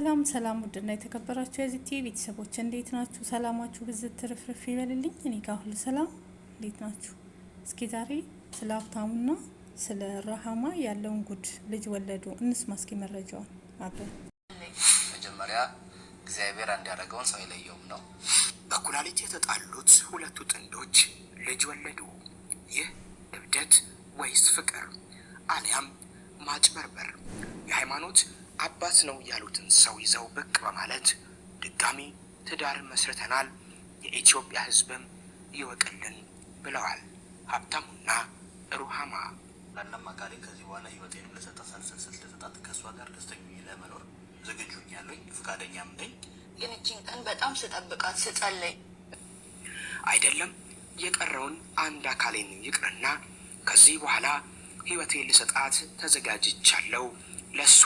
ሰላም ሰላም፣ ውድና የተከበራችሁ የዚህ ቲቪ ቤተሰቦች እንዴት ናችሁ? ሰላማችሁ ብዝት ትርፍርፍ ይበልልኝ። እኔ ጋር ሁሉ ሰላም። እንዴት ናችሁ? እስኪ ዛሬ ስለ ሀብታሙና ስለ ረሃማ ያለውን ጉድ ልጅ ወለዱ እንስማ። እስኪ መረጃውን አብረን መጀመሪያ እግዚአብሔር አንድ ሰው የለየውም ነው። በኩላሊት የተጣሉት ሁለቱ ጥንዶች ልጅ ወለዱ። ይህ እብደት ወይስ ፍቅር አሊያም ማጭበርበር የሃይማኖት አባት ነው ያሉትን ሰው ይዘው ብቅ በማለት ድጋሚ ትዳር መስርተናል፣ የኢትዮጵያ ህዝብም ይወቅልን ብለዋል። ሀብታሙና ሩሃማ ራናማ ቃሌ ከዚህ በኋላ ህይወቴን ለሰጠ ሳልሰልሰል ለሰጣት ከእሷ ጋር ደስተኛ ለመኖር ዝግጁ ያለኝ ፈቃደኛም ነኝ። ግን እችን ቀን በጣም ስጠብቃት ስጸለይ አይደለም የቀረውን አንድ አካሌን ይቅርና ከዚህ በኋላ ህይወቴን ልሰጣት ተዘጋጅቻለሁ ለእሷ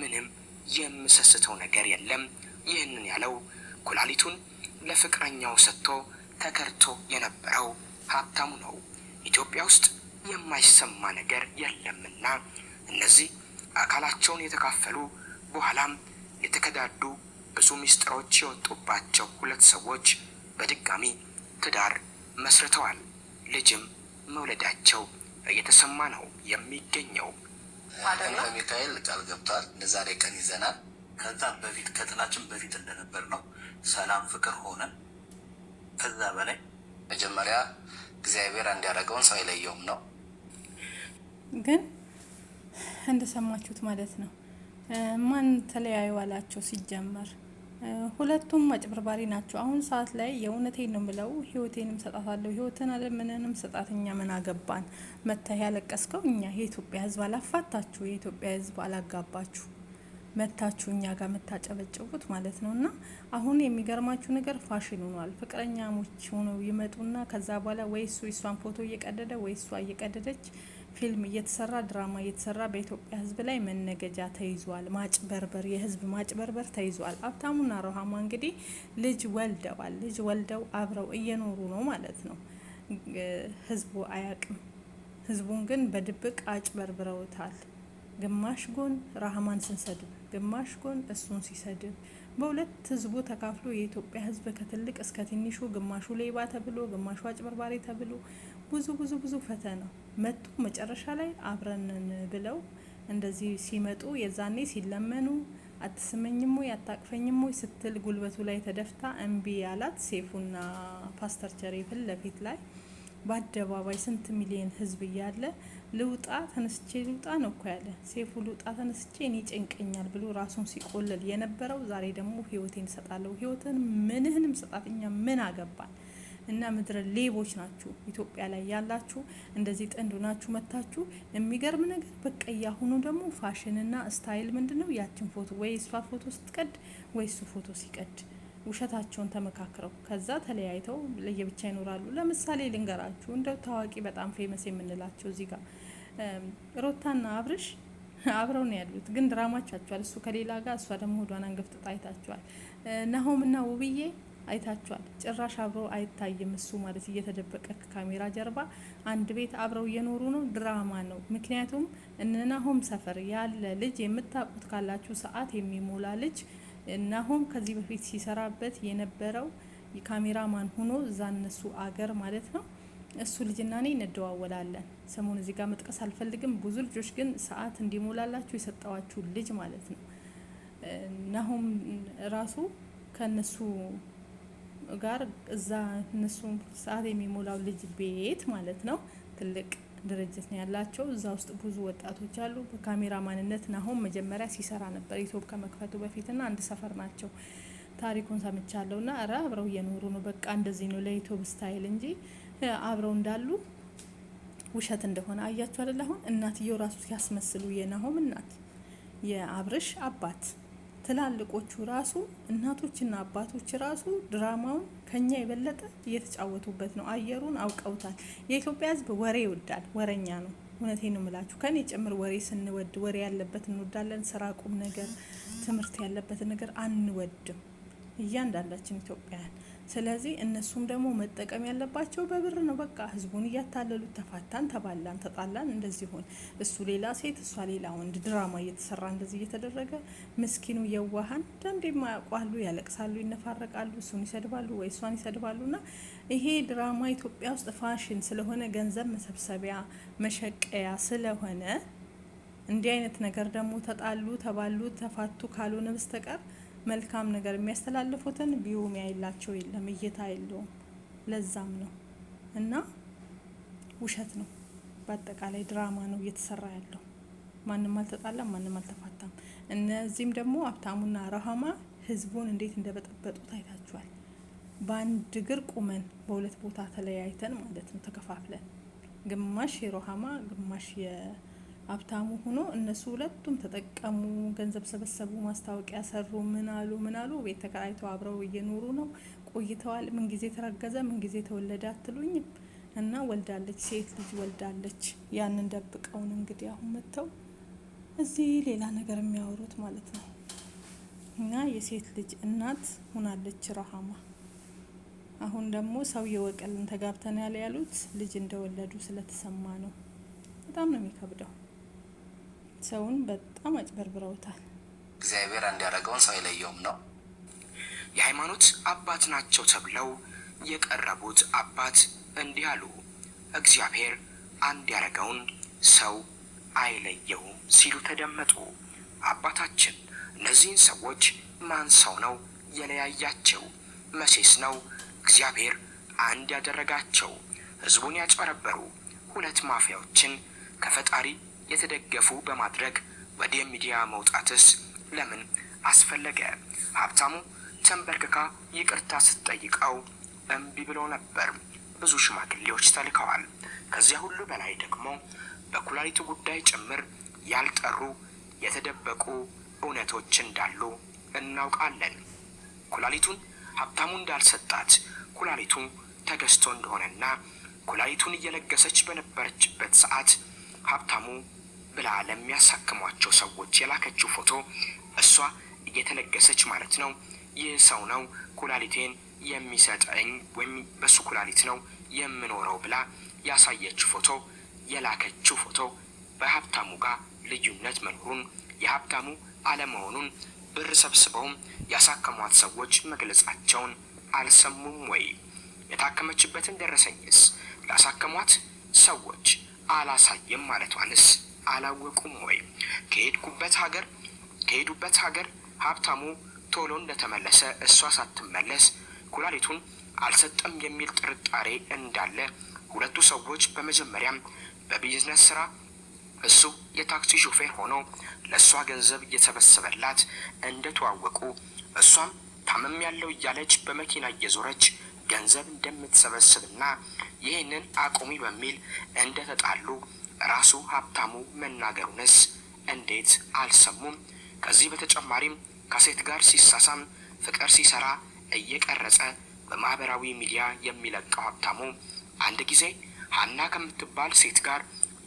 ምንም የምሰስተው ነገር የለም። ይህንን ያለው ኩላሊቱን ለፍቅረኛው ሰጥቶ ተከርቶ የነበረው ሀብታሙ ነው። ኢትዮጵያ ውስጥ የማይሰማ ነገር የለምና እነዚህ አካላቸውን የተካፈሉ በኋላም የተከዳዱ ብዙ ምስጢሮች የወጡባቸው ሁለት ሰዎች በድጋሚ ትዳር መስርተዋል። ልጅም መውለዳቸው እየተሰማ ነው የሚገኘው። ሚካኤል ቃል ገብቷል። ዛሬ ቀን ይዘናል። ከዛ በፊት ከጥላችን በፊት እንደነበር ነው። ሰላም ፍቅር ሆነ። ከዛ በላይ መጀመሪያ እግዚአብሔር እንዲያደረገውን ሰው አይለየውም ነው። ግን እንደሰማችሁት ማለት ነው። ማን ተለያዩ አላቸው ሲጀመር ሁለቱም አጭበርባሪ ናቸው። አሁን ሰዓት ላይ የእውነቴን ነው ምለው፣ ህይወቴንም ሰጣታለሁ። ህይወትን አለምንንም ሰጣት፣ እኛ ምን አገባን? መተህ ያለቀስከው እኛ የኢትዮጵያ ህዝብ አላፋታችሁ፣ የኢትዮጵያ ህዝብ አላጋባችሁ መታችሁ እኛ ጋር የምታጨበጭቡት ማለት ነው። እና አሁን የሚገርማችሁ ነገር ፋሽን ሆኗል። ፍቅረኛሞች ሆነው ይመጡና ከዛ በኋላ ወይ እሱ ፎቶ እየቀደደ ወይ እሷ እየቀደደች ፊልም እየተሰራ ድራማ እየተሰራ በኢትዮጵያ ህዝብ ላይ መነገጃ ተይዟል። ማጭበርበር፣ የህዝብ ማጭበርበር ተይዟል። አብታሙና ሮሃማ እንግዲህ ልጅ ወልደዋል። ልጅ ወልደው አብረው እየኖሩ ነው ማለት ነው። ህዝቡ አያቅም። ህዝቡን ግን በድብቅ አጭበርብረውታል። ግማሽ ጎን ረሃማን ስንሰድብ፣ ግማሽ ጎን እሱን ሲሰድብ በሁለት ህዝቡ ተካፍሎ የኢትዮጵያ ህዝብ ከትልቅ እስከ ትንሹ ግማሹ ሌባ ተብሎ ግማሹ አጭበርባሪ ተብሎ ብዙ ብዙ ብዙ ፈተና መጡ። መጨረሻ ላይ አብረንን ብለው እንደዚህ ሲመጡ የዛኔ ሲለመኑ አትስመኝም ወይ አታቅፈኝም ወይ ስትል ጉልበቱ ላይ ተደፍታ እምቢ ያላት ሴፉና ፓስተር ቸሬ ፊት ለፊት ላይ በአደባባይ ስንት ሚሊዮን ህዝብ እያለ ልውጣ ተነስቼ ልውጣ ነው እኮ ያለ ሴፉ። ልውጣ ተነስቼ እኔ ጨንቀኛል ብሎ ራሱን ሲቆለል የነበረው ዛሬ ደግሞ ህይወቴን እሰጣለሁ፣ ህይወትን ምንህንም ስጣት፣ ምን አገባል እና ምድረ ሌቦች ናችሁ ኢትዮጵያ ላይ ያላችሁ እንደዚህ ጥንዱ ናችሁ መታችሁ። የሚገርም ነገር በቃ ያሁኑ ደግሞ ፋሽንና ስታይል ምንድን ነው? ያችን ፎቶ ወይ እሷ ፎቶ ስትቀድ ወይ እሱ ፎቶ ሲቀድ ውሸታቸውን ተመካክረው ከዛ ተለያይተው ለየብቻ ይኖራሉ። ለምሳሌ ልንገራችሁ እንደው ታዋቂ በጣም ፌመስ የምንላቸው እዚህ ጋር ሮታና አብርሽ አብረው ነው ያሉት፣ ግን ድራማቻቸዋል። እሱ ከሌላ ጋር እሷ ደግሞ ሆዷን አንገፍጥጣ አይታቸዋል። ናሆምና ውብዬ አይታችኋል። ጭራሽ አብሮ አይታይም እሱ ማለት እየተደበቀ ከካሜራ ጀርባ አንድ ቤት አብረው እየኖሩ ነው። ድራማ ነው። ምክንያቱም እነናሆም ሰፈር ያለ ልጅ የምታውቁት ካላችሁ ሰዓት የሚሞላ ልጅ ናሆም ከዚህ በፊት ሲሰራበት የነበረው ካሜራማን ሆኖ እዛ እነሱ አገር ማለት ነው እሱ ልጅና እኔ እንደዋወላለን። ስሙን እዚህ ጋር መጥቀስ አልፈልግም። ብዙ ልጆች ግን ሰዓት እንዲሞላላችሁ የሰጠዋችሁ ልጅ ማለት ነው ናሆም ራሱ ከነሱ ጋር እዛ እነሱ ሰዓት የሚሞላው ልጅ ቤት ማለት ነው ትልቅ ድርጅት ነው ያላቸው። እዛ ውስጥ ብዙ ወጣቶች አሉ። በካሜራ ማንነት ናሆም መጀመሪያ ሲሰራ ነበር ኢትዮ ከመክፈቱ ና አንድ ሰፈር ናቸው። ታሪኩን ሰምቻለሁ ና ረ አብረው እየኖሩ ነው። በቃ እንደዚህ ነው ለዩቲዩብ ስታይል እንጂ አብረው እንዳሉ ውሸት እንደሆነ አያቸው አይደል? አሁን እናትየው ራሱ ሲያስመስሉ የናሆም እናት የአብርሽ አባት ትላልቆቹ ራሱ እናቶችና አባቶች ራሱ ድራማውን ከኛ የበለጠ እየተጫወቱበት ነው። አየሩን አውቀውታል። የኢትዮጵያ ሕዝብ ወሬ ይወዳል። ወረኛ ነው። እውነቴ ነው ምላችሁ፣ ከኔ ጭምር ወሬ ስንወድ ወሬ ያለበት እንወዳለን። ስራ፣ ቁም ነገር፣ ትምህርት ያለበት ነገር አንወድም። እያንዳንዳችን ኢትዮጵያውያን ስለዚህ እነሱም ደግሞ መጠቀም ያለባቸው በብር ነው። በቃ ህዝቡን እያታለሉት ተፋታን፣ ተባላን፣ ተጣላን እንደዚህ ሆን እሱ ሌላ ሴት እሷ ሌላ ወንድ ድራማ እየተሰራ እንደዚህ እየተደረገ ምስኪኑ የዋሃን ደንድ የማያውቋሉ፣ ያለቅሳሉ፣ ይነፋረቃሉ፣ እሱን ይሰድባሉ ወይ እሷን ይሰድባሉ። ና ይሄ ድራማ ኢትዮጵያ ውስጥ ፋሽን ስለሆነ ገንዘብ መሰብሰቢያ መሸቀያ ስለሆነ እንዲህ አይነት ነገር ደግሞ ተጣሉ፣ ተባሉ፣ ተፋቱ ካልሆነ በስተቀር መልካም ነገር የሚያስተላልፉትን ቢዩም ያይላቸው የለም እይታ የለውም። ለዛም ነው እና ውሸት ነው፣ በአጠቃላይ ድራማ ነው እየተሰራ ያለው። ማንም አልተጣላም፣ ማንም አልተፋታም። እነዚህም ደግሞ ሀብታሙና ረሃማ ህዝቡን እንዴት እንደበጠበጡት አይታችኋል። በአንድ እግር ቁመን በሁለት ቦታ ተለያይተን ማለት ነው ተከፋፍለን ግማሽ የሮሃማ ግማሽ ሀብታሙ ሆኖ እነሱ ሁለቱም ተጠቀሙ፣ ገንዘብ ሰበሰቡ፣ ማስታወቂያ ሰሩ፣ ምን አሉ ምን አሉ። ቤት ተከራይተው አብረው እየኖሩ ነው ቆይተዋል። ምንጊዜ ተረገዘ፣ ጊዜ ተወለደ አትሉኝም? እና ወልዳለች፣ ሴት ልጅ ወልዳለች። ያንን ደብቀውን እንግዲህ አሁን መጥተው እዚህ ሌላ ነገር የሚያወሩት ማለት ነው። እና የሴት ልጅ እናት ሆናለች ረሃማ። አሁን ደግሞ ሰው የወቀልን ተጋብተናል ያሉት ልጅ እንደወለዱ ስለተሰማ ነው። በጣም ነው የሚከብደው። ሰውን በጣም አጭበርብረውታል። እግዚአብሔር እንዲያደረገውን ሰው የለየውም ነው። የሃይማኖት አባት ናቸው ተብለው የቀረቡት አባት እንዲህ አሉ። እግዚአብሔር አንድ ያደረገውን ሰው አይለየውም ሲሉ ተደመጡ። አባታችን እነዚህን ሰዎች ማን ሰው ነው የለያያቸው? መቼስ ነው እግዚአብሔር አንድ ያደረጋቸው? ህዝቡን ያጭበረበሩ ሁለት ማፊያዎችን ከፈጣሪ የተደገፉ በማድረግ ወደ ሚዲያ መውጣትስ ለምን አስፈለገ? ሀብታሙ ተንበርክካ ይቅርታ ስትጠይቀው እምቢ ብሎ ነበር። ብዙ ሽማግሌዎች ተልከዋል። ከዚያ ሁሉ በላይ ደግሞ በኩላሊቱ ጉዳይ ጭምር ያልጠሩ የተደበቁ እውነቶች እንዳሉ እናውቃለን። ኩላሊቱን ሀብታሙ እንዳልሰጣት ኩላሊቱ ተገዝቶ እንደሆነና ኩላሊቱን እየለገሰች በነበረችበት ሰዓት ሀብታሙ ብላ ለሚያሳክሟቸው ሰዎች የላከችው ፎቶ እሷ እየተለገሰች ማለት ነው። ይህ ሰው ነው ኩላሊቴን የሚሰጠኝ ወይም በሱ ኩላሊት ነው የምኖረው ብላ ያሳየችው ፎቶ የላከችው ፎቶ በሀብታሙ ጋር ልዩነት መኖሩን የሀብታሙ አለመሆኑን ብር ሰብስበውም ያሳከሟት ሰዎች መግለጻቸውን አልሰሙም ወይ? የታከመችበትን ደረሰኝስ ላሳከሟት ሰዎች አላሳየም ማለቷንስ አላወቁም ወይ? ከሄድኩበት ሀገር ከሄዱበት ሀገር ሀብታሙ ቶሎ እንደተመለሰ እሷ ሳትመለስ ኩላሊቱን አልሰጠም የሚል ጥርጣሬ እንዳለ ሁለቱ ሰዎች በመጀመሪያም በቢዝነስ ስራ እሱ የታክሲ ሾፌር ሆኖ ለእሷ ገንዘብ እየሰበሰበላት እንደተዋወቁ እሷም ታመም ያለው እያለች በመኪና እየዞረች ገንዘብ እንደምትሰበስብና ይህንን አቁሚ በሚል እንደተጣሉ ራሱ ሀብታሙ መናገሩንስ እንዴት አልሰሙም? ከዚህ በተጨማሪም ከሴት ጋር ሲሳሳም ፍቅር ሲሰራ እየቀረጸ በማህበራዊ ሚዲያ የሚለቀው ሀብታሙ አንድ ጊዜ ሀና ከምትባል ሴት ጋር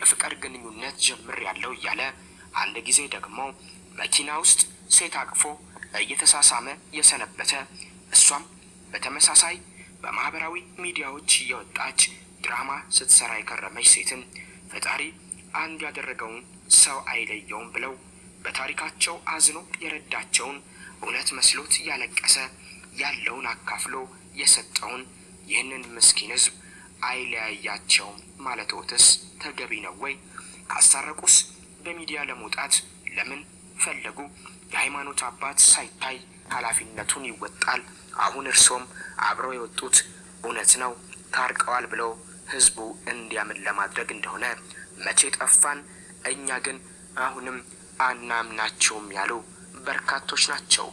በፍቅር ግንኙነት ጀምር ያለው እያለ አንድ ጊዜ ደግሞ መኪና ውስጥ ሴት አቅፎ እየተሳሳመ የሰነበተ እሷም በተመሳሳይ በማህበራዊ ሚዲያዎች እየወጣች ድራማ ስትሰራ የከረመች ሴትን ፈጣሪ አንድ ያደረገውን ሰው አይለየውም ብለው በታሪካቸው አዝኖ የረዳቸውን እውነት መስሎት እያለቀሰ ያለውን አካፍሎ የሰጠውን ይህንን ምስኪን ህዝብ አይለያያቸውም ማለት ወትስ ተገቢ ነው ወይ? ካሳረቁስ በሚዲያ ለመውጣት ለምን ፈለጉ? የሃይማኖት አባት ሳይታይ ኃላፊነቱን ይወጣል። አሁን እርሶም አብረው የወጡት እውነት ነው ታርቀዋል ብለው ህዝቡ እንዲያምን ለማድረግ እንደሆነ መቼ ጠፋን እኛ ግን አሁንም አናምናቸውም ያሉ በርካቶች ናቸው።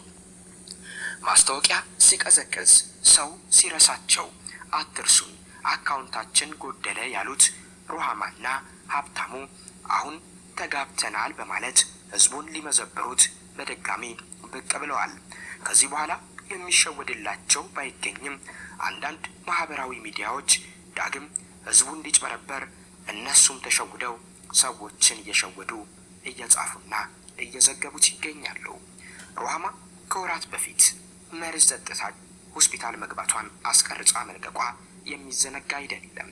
ማስታወቂያ ሲቀዘቅዝ ሰው ሲረሳቸው አትርሱን አካውንታችን ጎደለ ያሉት ሩሃማና ሀብታሙ አሁን ተጋብተናል በማለት ህዝቡን ሊመዘበሩት በድጋሚ ብቅ ብለዋል። ከዚህ በኋላ የሚሸወድላቸው ባይገኝም አንዳንድ ማህበራዊ ሚዲያዎች ዳግም ህዝቡ እንዲጭበረበር እነሱም ተሸውደው ሰዎችን እየሸወዱ እየጻፉና እየዘገቡት ይገኛሉ። ሩሃማ ከወራት በፊት መርዝ ጠጥታ ሆስፒታል መግባቷን አስቀርጻ መልቀቋ የሚዘነጋ አይደለም።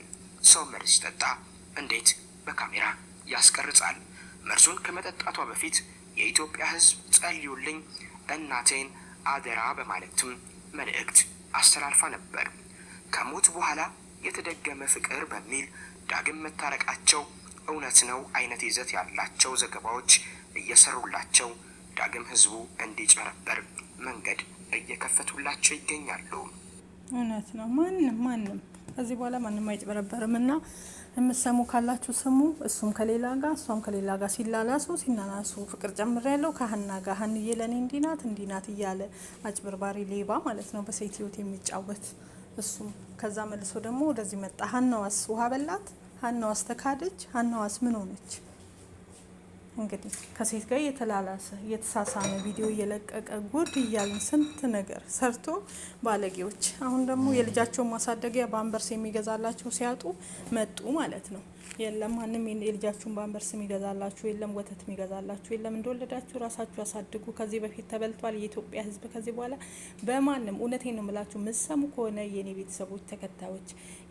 ሰው መርዝ ሲጠጣ እንዴት በካሜራ ያስቀርጻል? መርዙን ከመጠጣቷ በፊት የኢትዮጵያ ህዝብ ጸልዩልኝ፣ እናቴን አደራ በማለትም መልእክት አስተላልፋ ነበር። ከሞት በኋላ የተደገመ ፍቅር በሚል ዳግም መታረቃቸው እውነት ነው አይነት ይዘት ያላቸው ዘገባዎች እየሰሩላቸው ዳግም ህዝቡ እንዲጨረበር መንገድ እየከፈቱላቸው ይገኛሉ። እውነት ነው። ማንም ማንም ከዚህ በኋላ ማንም አይጭበረበርም እና የምትሰሙ ካላችሁ ስሙ። እሱም ከሌላ ጋር እሷም ከሌላ ጋር ሲላላሱ ሲናናሱ ፍቅር ጨምር ያለው ከሀና ጋር ሀንዬ ለእኔ እንዲናት እንዲናት እያለ አጭበርባሪ ሌባ ማለት ነው በሴት ህይወት የሚጫወት እሱም ከዛ መልሶ ደግሞ ወደዚህ መጣ። ሀናዋስ ውሃ በላት፣ ሀናዋስ ተካደች፣ ሀናዋስ ምን ሆነች? እንግዲህ ከሴት ጋር እየተላላሰ እየተሳሳመ ቪዲዮ እየለቀቀ ጉድ እያልን ስንት ነገር ሰርቶ ባለጌዎች አሁን ደግሞ የልጃቸውን ማሳደጊያ በአንበርስ የሚገዛላቸው ሲያጡ መጡ ማለት ነው። የለም ማንም የልጃችሁን ባንበር ስም ይገዛላችሁ የለም፣ ወተት ይገዛላችሁ የለም። እንደወለዳችሁ ራሳችሁ አሳድጉ ከዚህ በፊት ተበልቷል የኢትዮጵያ ሕዝብ ከዚህ በኋላ በማንም እውነቴን ነው የምላችሁ ምሰሙ ከሆነ የኔ ቤተሰቦች ተከታዮች፣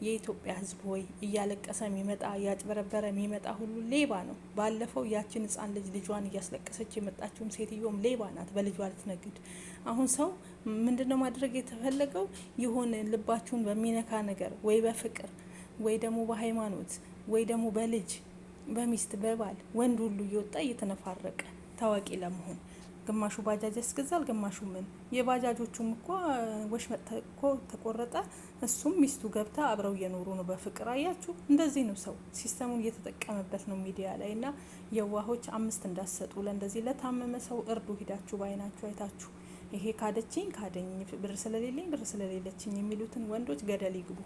የኢትዮጵያ ሕዝብ ሆይ እያለቀሰ የሚመጣ እያጭበረበረ የሚመጣ ሁሉ ሌባ ነው። ባለፈው ያችን ሕፃን ልጅ ልጇን እያስለቀሰች የመጣችውም ሴትዮም ሌባ ናት፣ በልጇ ልትነግድ። አሁን ሰው ምንድነው ማድረግ የተፈለገው? ይሆን ልባችሁን በሚነካ ነገር ወይ በፍቅር ወይ ደግሞ በሃይማኖት ወይ ደግሞ በልጅ በሚስት በባል ወንድ ሁሉ እየወጣ እየተነፋረቀ ታዋቂ ለመሆን ግማሹ ባጃጅ ያስገዛል፣ ግማሹ ምን የባጃጆቹም እኮ ወሽመጥ እኮ ተቆረጠ። እሱም ሚስቱ ገብታ አብረው እየኖሩ ነው በፍቅር አያችሁ። እንደዚህ ነው ሰው ሲስተሙን እየተጠቀመበት ነው ሚዲያ ላይ እና የዋሆች አምስት እንዳሰጡ ለእንደዚህ ለታመመ ሰው እርዱ። ሂዳችሁ በአይናችሁ አይታችሁ ይሄ ካደችኝ ካደኝ ብር ስለሌለኝ ብር ስለሌለችኝ የሚሉትን ወንዶች ገደል ይግቡ።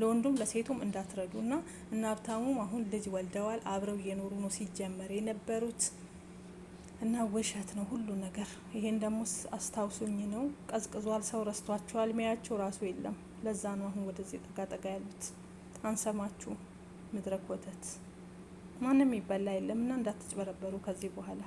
ለወንዱም ለሴቱም እንዳትረዱ እና እነ ሀብታሙም አሁን ልጅ ወልደዋል። አብረው እየኖሩ ነው ሲጀመር የነበሩት እና ውሸት ነው ሁሉ ነገር። ይሄን ደግሞ አስታውሱኝ ነው ቀዝቅዟል። ሰው ረስቷቸዋል። ሚያቸው ራሱ የለም። ለዛ ነው አሁን ወደዚህ ጠጋጠጋ ያሉት። አንሰማችሁ ምድረክ ወተት ማንም ይበላ የለም እና እንዳትጭበረበሩ ከዚህ በኋላ